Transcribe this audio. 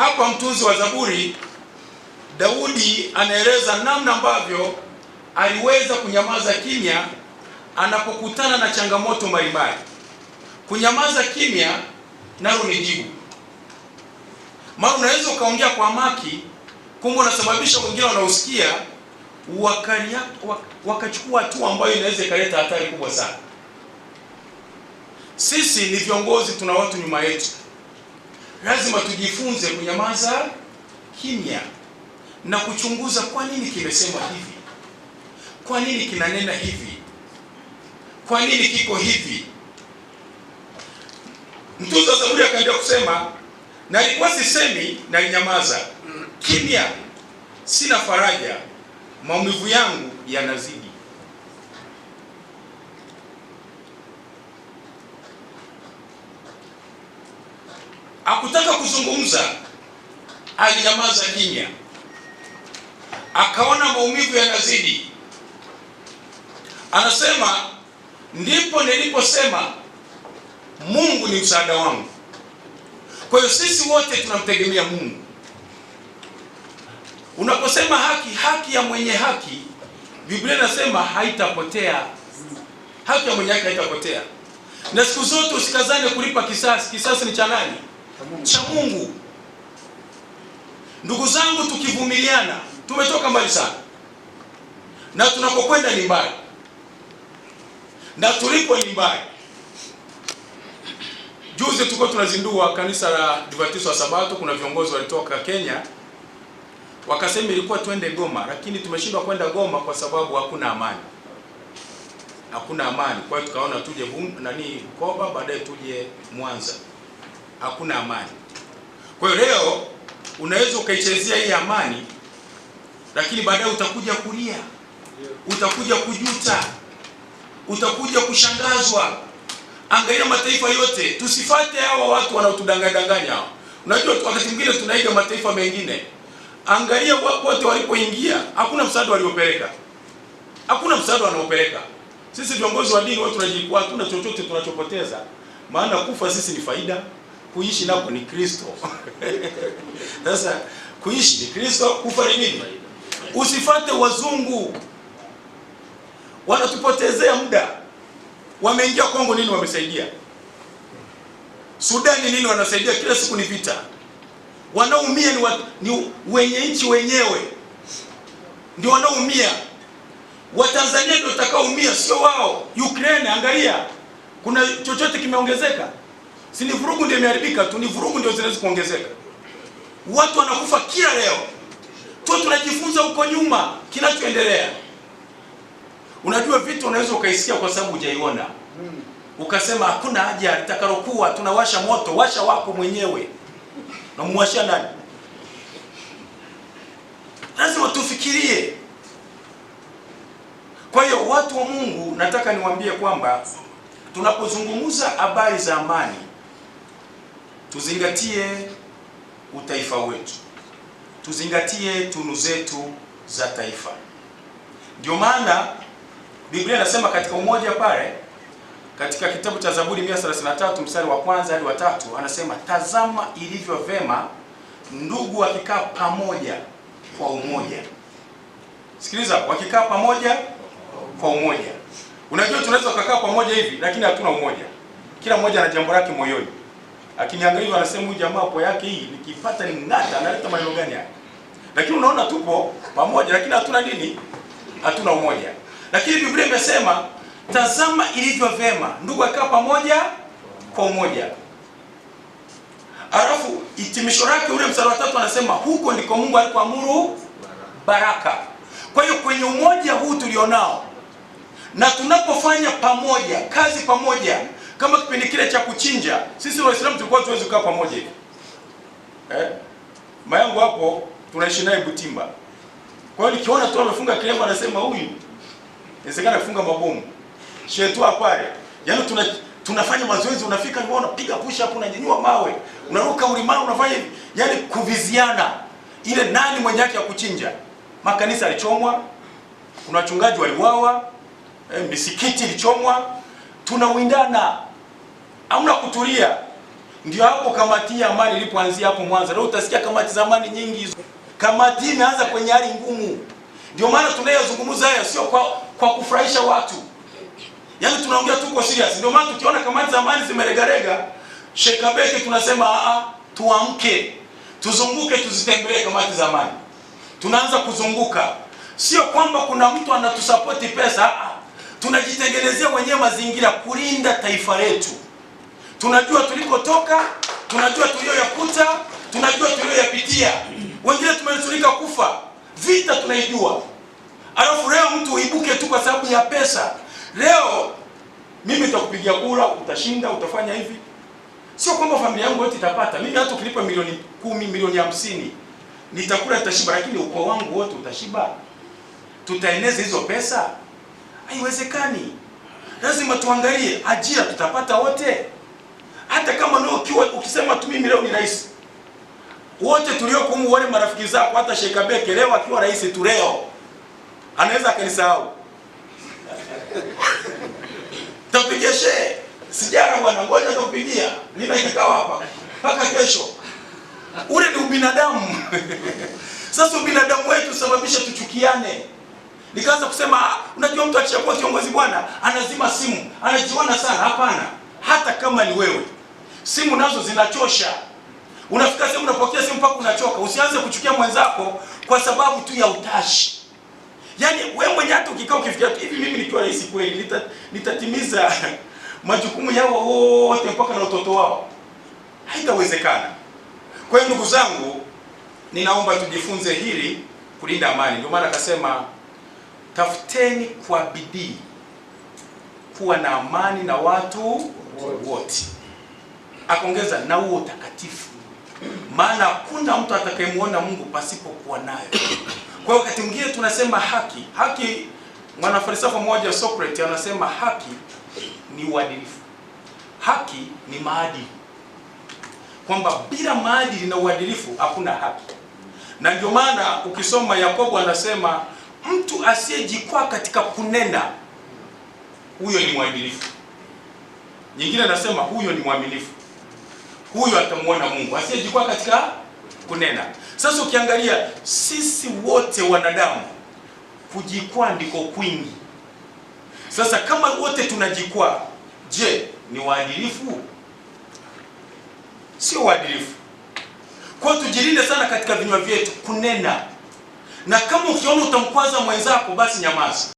Hapa mtunzi wa Zaburi Daudi anaeleza namna ambavyo aliweza kunyamaza kimya anapokutana na changamoto mbalimbali. Kunyamaza kimya nalo ni jibu. Mara unaweza ukaongea kwa maki, kumbe unasababisha wengine wanaosikia wakachukua hatua ambayo inaweza ikaleta hatari kubwa sana. Sisi ni viongozi, tuna watu nyuma yetu lazima tujifunze kunyamaza kimya na kuchunguza kwa nini kimesema hivi, kwa nini kinanena hivi, kwa nini kiko hivi. Mtunza Zaburi akaendelea kusema, nalikuwa sisemi, nalinyamaza kimya, sina faraja, maumivu yangu yanazidi. hakutaka kuzungumza, alinyamaza kimya, akaona maumivu yanazidi. Anasema, ndipo niliposema Mungu ni msaada wangu. Kwa hiyo sisi wote tunamtegemea Mungu. Unaposema haki, haki ya mwenye haki, Biblia inasema haitapotea. Haki ya mwenye haki haitapotea, na siku zote usikazane kulipa kisasi. Kisasi ni cha nani? cha Mungu. Ndugu zangu, tukivumiliana tumetoka mbali sana, na tunapokwenda ni mbali, na tulipo ni mbali. Juzi tuko tunazindua kanisa la divatiso wa Sabato. Kuna viongozi walitoka Kenya wakasema ilikuwa twende Goma, lakini tumeshindwa kwenda Goma kwa sababu hakuna amani, hakuna amani. Kwa hiyo tukaona tuje nani Bukoba, baadaye tuje Mwanza hakuna amani. Kwa hiyo leo unaweza ukaichezea hii amani, lakini baadaye utakuja kulia, utakuja kujuta, utakuja kushangazwa. Angalia mataifa yote, tusifate hawa watu wanaotudanganya Unajua, wakati mwingine tunaiga mataifa mengine. Angalia wote walipoingia, hakuna msaada waliopeleka, hakuna msaada wanaopeleka. Sisi viongozi wa dini wote tunajikua, hatuna chochote tunachopoteza, maana kufa sisi ni faida kuishi nako ni Kristo. Sasa kuishi ni Kristo, kufa ni nini? Usifate wazungu, wanatupotezea muda. Wameingia Kongo nini wamesaidia? Sudani nini wanasaidia? Kila siku ni vita, wanaumia ni, wa, ni wenye nchi wenyewe ndio wanaumia. Watanzania ndio watakaoumia, sio wao. Ukraine, angalia kuna chochote kimeongezeka? Si ni vurugu ndio imeharibika tu, ni vurugu ndio zinaweza kuongezeka. Watu wanakufa kila leo tu, tunajifunza huko nyuma kinachoendelea. Unajua vitu unaweza ukaisikia kwa sababu hujaiona, ukasema hakuna haja, litakalokuwa tunawasha moto, washa wako mwenyewe, namwasha nani? Lazima tufikirie. Kwa hiyo watu wa Mungu, nataka niwaambie kwamba tunapozungumza habari za amani tuzingatie utaifa wetu, tuzingatie tunu zetu za taifa. Ndio maana Biblia inasema katika umoja pale katika kitabu cha Zaburi 133 mstari wa kwanza hadi wa tatu anasema, tazama ilivyo vema ndugu wakikaa pamoja kwa umoja. Sikiliza, wakikaa pamoja kwa umoja. Unajua tunaweza kukaa pamoja hivi, lakini hatuna umoja. Kila mmoja ana jambo lake moyoni lakini anasema huyu jamaa hapo yake hii nikipata ni ngata analeta maneno gani haya? Lakini unaona tupo pamoja, lakini hatuna nini? Hatuna umoja. Lakini Biblia imesema tazama ilivyo vyema ndugu akaa pamoja kwa umoja. Alafu hitimisho lake ule mstari wa tatu anasema huko ndiko Mungu alikoamuru baraka. Kwa hiyo kwenye umoja huu tulionao na tunapofanya pamoja kazi pamoja, kama kipindi kile cha kuchinja, sisi Waislamu tulikuwa tuwezi kukaa pamoja hivi eh? Mayangu hapo tunaishi naye Butimba. Kwa hiyo nikiona tu amefunga kilemba, anasema huyu inawezekana kufunga mabomu shetu pale, yaani tuna tunafanya mazoezi, unafika nyuma, unapiga push up, unanyanyua mawe, unaruka ulimao unafanya hivi, yaani kuviziana ile nani mwenye haki ya kuchinja. Makanisa alichomwa kuna wachungaji waliuawa misikiti ilichomwa, tunawindana, hamna kutulia. Ndio hapo kamati ya amani ilipoanzia hapo Mwanza. Leo utasikia kamati za amani nyingi hizo. Kamati imeanza kwenye hali ngumu, ndio maana tunayozungumza haya sio kwa, kwa kufurahisha watu, yaani tunaongea tuko serious. Ndio maana tukiona kamati za amani zimeregarega shekabeke, tunasema a, ah, ah, tuamke, tuzunguke, tuzitembelee kamati za amani. Tunaanza kuzunguka, sio kwamba kuna mtu anatusapoti pesa a, ah, tunajitengenezea wenyewe mazingira kulinda taifa letu. Tunajua tulikotoka, tunajua tulioyakuta tunajua tuliyoyapitia. Wengine tumeturika kufa, vita tunaijua, alafu leo mtu uibuke tu kwa sababu ya pesa. Leo mimi nitakupigia kura, utashinda, utafanya hivi. Sio kwamba familia yangu yote itapata. Mimi hata ukilipa milioni kumi, milioni hamsini nitakula, nitashiba, lakini ukoo wangu wote utashiba? Tutaeneza hizo pesa? Haiwezekani. Lazima tuangalie ajira tutapata wote, hata kama ni ukiwa ukisema tu mimi leo ni rais, wote tuliokumu wale marafiki zako, hata Sheikh Abeke leo akiwa rais tu leo anaweza akanisahau. Tapigia shehe sijara bwana, ngoja tupigia, nina kikao hapa mpaka kesho. Ule ni ubinadamu. Sasa ubinadamu wetu sababisha tuchukiane. Nikaanza kusema unajua, mtu akishakuwa kiongozi bwana, anazima simu, anajiona sana. Hapana, hata kama ni wewe, simu nazo zinachosha. Unafika sehemu unapokea simu mpaka unachoka. Usianze kuchukia mwenzako kwa sababu tu ya utashi. Yaani wewe mwenye hata ukikaa ukifikia hivi, mimi nikiwa rais kweli nita, nitatimiza majukumu yao wote mpaka na watoto wao, haitawezekana. Kwa hiyo ndugu zangu, ninaomba tujifunze hili kulinda amani. Ndio maana akasema tafuteni kwa bidii kuwa na amani na watu wote. Akaongeza na huo utakatifu, maana hakuna mtu atakayemwona Mungu pasipokuwa nayo. Kwa hiyo wakati mwingine tunasema haki haki, mwanafalsafa mmoja Socrates anasema haki ni uadilifu, haki ni maadili, kwamba bila maadili na uadilifu hakuna haki, na ndio maana ukisoma Yakobo anasema Mtu asiyejikwaa katika kunena, huyo ni mwadilifu. Nyingine anasema huyo ni mwaminifu, huyo atamwona Mungu, asiyejikwaa katika kunena. Sasa ukiangalia sisi wote wanadamu kujikwaa ndiko kwingi. Sasa kama wote tunajikwaa, je, ni waadilifu? Sio waadilifu. Kwa tujilinde sana katika vinywa vyetu kunena na kama ukiona utamkwaza mwenzako basi nyamaza.